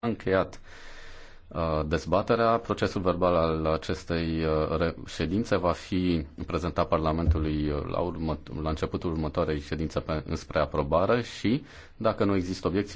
încheiat uh, dezbaterea. Procesul verbal al acestei uh, ședințe va fi prezentat Parlamentului uh, la, urmă, la începutul următoarei ședințe pe, înspre aprobare și, dacă nu există obiecții,